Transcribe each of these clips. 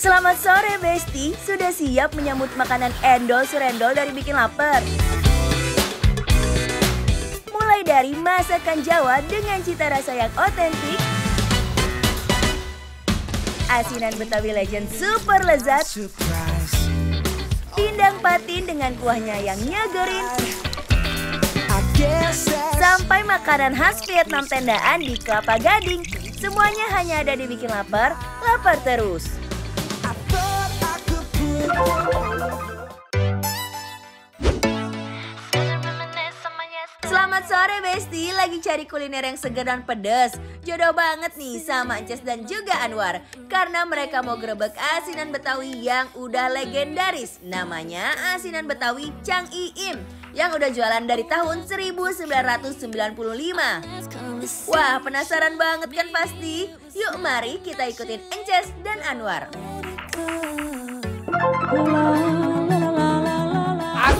Selamat sore Besti, sudah siap menyambut makanan endol surendol dari bikin lapar? Mulai dari masakan Jawa dengan cita rasa yang otentik, asinan Betawi Legend super lezat, pindang patin dengan kuahnya yang nyegerin, sampai makanan khas Vietnam tendaan di Kelapa Gading. Semuanya hanya ada di Bikin Lapar, lapar terus. sore Besti, lagi cari kuliner yang segar dan pedas. Jodoh banget nih sama Ances dan juga Anwar. Karena mereka mau grebek asinan Betawi yang udah legendaris. Namanya asinan Betawi Cang Iim. Yang udah jualan dari tahun 1995. Wah penasaran banget kan pasti? Yuk mari kita ikutin Ances dan Anwar. Oh.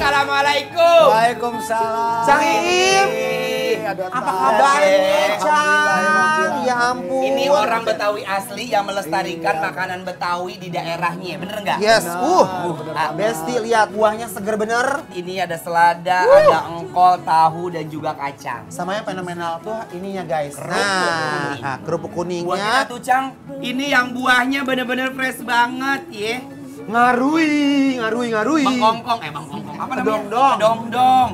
Assalamualaikum. Waalaikumsalam. Cang Iim. Apa kabar, Cang? Ya ampun. Ini orang Betawi asli yang melestarikan iya. makanan Betawi di daerahnya. Bener nggak? Yes. Bener. Uh. Bener ah, Besti lihat buahnya seger bener. Ini ada selada, uh. ada engkol, tahu dan juga kacang. Sama yang fenomenal tuh ininya guys. Kerupuk nah, kuning. Nah, kerupuk kuningnya. Buahnya tuh Cang, ini yang buahnya bener-bener fresh banget ya. Ngarui, ngarui, ngarui. Kongkong, eh Kongkong apa namanya? Dong dong. Dong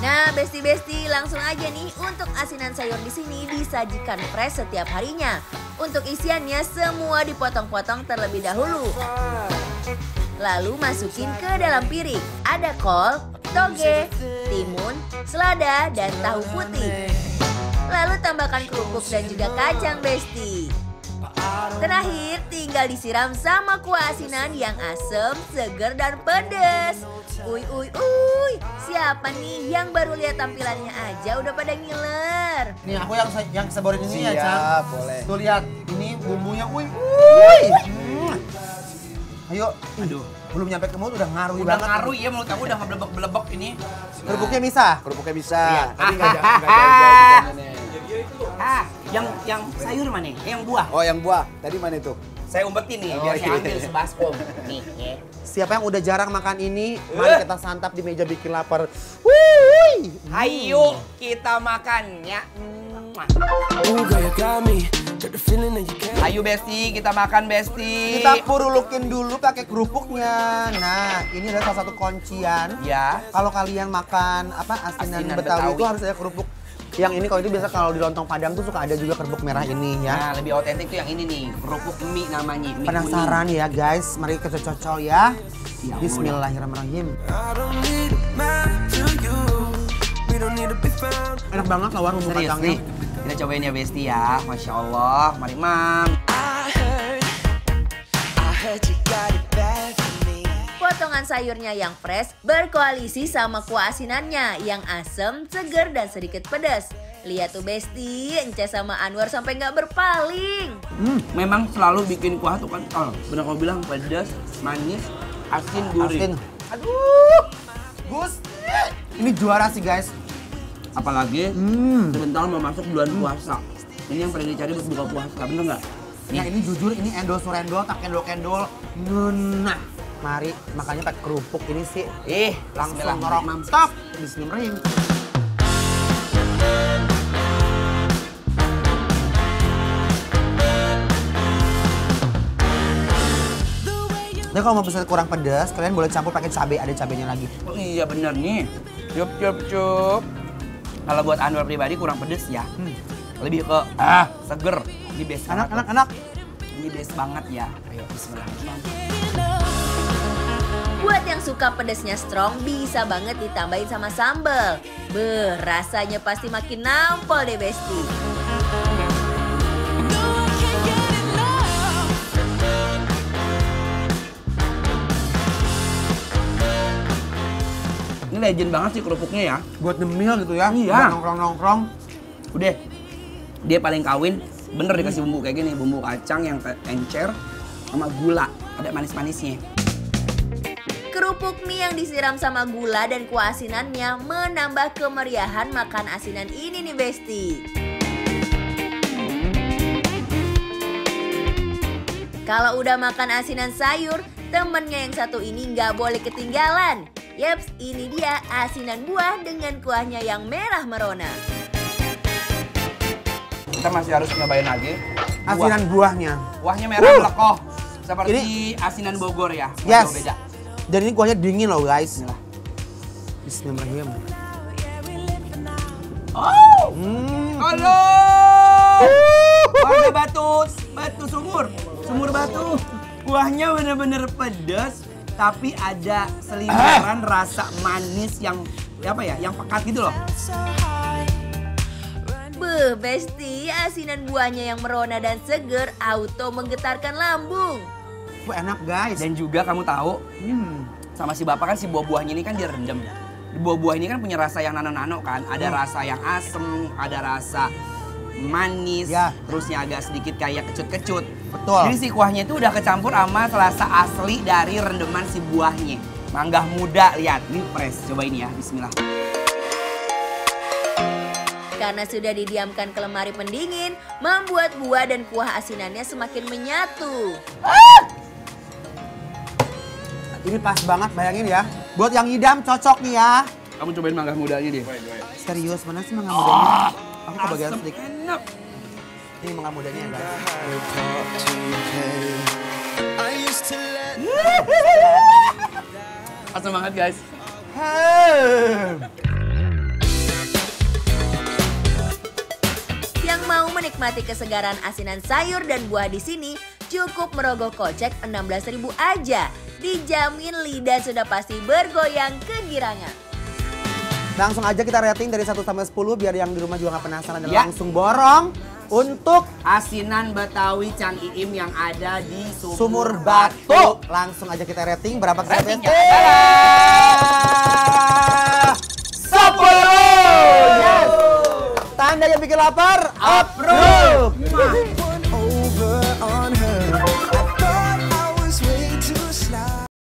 Nah, besti-besti langsung aja nih untuk asinan sayur di sini disajikan fresh setiap harinya. Untuk isiannya semua dipotong-potong terlebih dahulu. Lalu masukin ke dalam piring. Ada kol, toge, timun, selada, dan tahu putih. Lalu tambahkan kerupuk dan juga kacang besti. Terakhir, tinggal disiram sama kuah asinan yang asem, seger, dan pedes. Uy, uy, uy, siapa nih yang baru lihat tampilannya aja udah pada ngiler? Nih aku yang yang seborin ini ya, ya, Iya boleh. Tuh lihat, ini bumbunya, uy, uy. Hmm. Ayo, aduh belum nyampe ke mulut udah ngaruh udah banget. ngaruh ya mulut kamu udah ngeblebek-blebek ini. Kerupuknya bisa? Kerupuknya bisa. Iya. Tadi enggak ada enggak ada. Ah. Yang yang sayur mana? Eh, yang buah. Oh, yang buah. Tadi mana itu? Saya umpetin nih, oh, biar saya ambil sebaskom. nih, ya. Siapa yang udah jarang makan ini, eh. mari kita santap di meja bikin lapar. Wuih. Ayo kita makan ya. Ayo Besti, kita makan Besti. Kita purulukin dulu pakai kerupuknya. Nah, ini adalah salah satu kuncian. Ya. Kalau kalian makan apa asinan, asinan Betawi itu harus ada kerupuk yang ini kalau itu biasa kalau di lontong padang tuh suka ada juga kerupuk merah ini ya. Nah, lebih otentik tuh yang ini nih, kerupuk mie namanya. Mie Penasaran kuning. ya guys, mari kita cocok ya. ya Bismillahirrahmanirrahim. Enak banget lawar bumbu kacangnya. Kita cobain ya Besti ya, Masya Allah. Mari Mam. I heard, I heard you got it back potongan sayurnya yang fresh berkoalisi sama kuah asinannya yang asem, seger, dan sedikit pedas. Lihat tuh Besti, Ence sama Anwar sampai nggak berpaling. Hmm, memang selalu bikin kuah tuh kan oh, benar kau bilang pedas, manis, asin, gurih. Asin. Aduh, Gus, ini juara sih guys. Apalagi hmm. sebentar mau masuk bulan hmm. puasa. Ini yang paling dicari buat buka puasa, bener nggak? Nah ini jujur, ini endol surendol, tak kendol-kendol, ngenah. Mari, makanya pakai kerupuk ini sih. Ih, langsung ngorok. stop. Bismillahirrahmanirrahim. Nih kalau mau pesan kurang pedas, kalian boleh campur pakai cabai, ada cabainya lagi. Oh iya bener nih. Cup cup cup. Kalau buat Anwar pribadi kurang pedas ya. Hmm. Lebih ke ah seger. Ini best anak, banget. Anak anak anak. Ini best banget ya. Ayo bismillah suka pedasnya strong bisa banget ditambahin sama sambal. Beh, rasanya pasti makin nampol deh Besti. Ini legend banget sih kerupuknya ya. Buat nemil gitu ya. Iya. Nongkrong-nongkrong. Udah. Dia paling kawin. Bener dikasih bumbu kayak gini. Bumbu kacang yang encer sama gula. Ada manis-manisnya kerupuk mie yang disiram sama gula dan kuah asinannya menambah kemeriahan makan asinan ini nih Besti. Kalau udah makan asinan sayur, temennya yang satu ini nggak boleh ketinggalan. Yeps, ini dia asinan buah dengan kuahnya yang merah merona. Kita masih harus nyobain lagi. Buah. Asinan buahnya. Buahnya merah uh. melekoh. Seperti ini. asinan Bogor ya. Yes. Beda. Dan ini kuahnya dingin loh guys. Bismillahirrahmanirrahim. Oh, hmm. halo. Warna batu, batu sumur, sumur batu. Kuahnya bener-bener pedas, tapi ada selimuran ah. Eh! rasa manis yang apa ya, yang pekat gitu loh. Beh, bestie, asinan buahnya yang merona dan seger auto menggetarkan lambung. Wah, enak guys. Dan juga kamu tahu, hmm. sama si bapak kan si buah-buahnya ini kan dia rendem. Buah-buah ini kan punya rasa yang nano-nano kan. Ada hmm. rasa yang asem, ada rasa manis, ya. terusnya agak sedikit kayak kecut-kecut. Betul. Jadi si kuahnya itu udah kecampur sama rasa asli dari rendeman si buahnya. Mangga muda, lihat. Ini fresh. Coba ini ya, bismillah. Karena sudah didiamkan ke lemari pendingin, membuat buah dan kuah asinannya semakin menyatu. Ah! Ini pas banget, bayangin ya. Buat yang idam cocok nih ya. Kamu cobain mangga mudanya deh. Serius, mana sih mangga mudanya? Oh, Aku kebagian sedikit. Enak. Ini mangga mudanya ya, guys. Asam banget, guys. Yang mau menikmati kesegaran asinan sayur dan buah di sini, cukup merogoh kocek 16.000 aja dijamin lidah sudah pasti bergoyang kegirangan. Langsung aja kita rating dari 1 sampai 10 biar yang di rumah juga gak penasaran dan ya. langsung borong untuk asinan Betawi Cang Iim yang ada di Sumur, Sumur Batu. Batu. Langsung aja kita rating berapa kita rating? Ya. Sepuluh. Yes. Tanda yang bikin lapar, approve.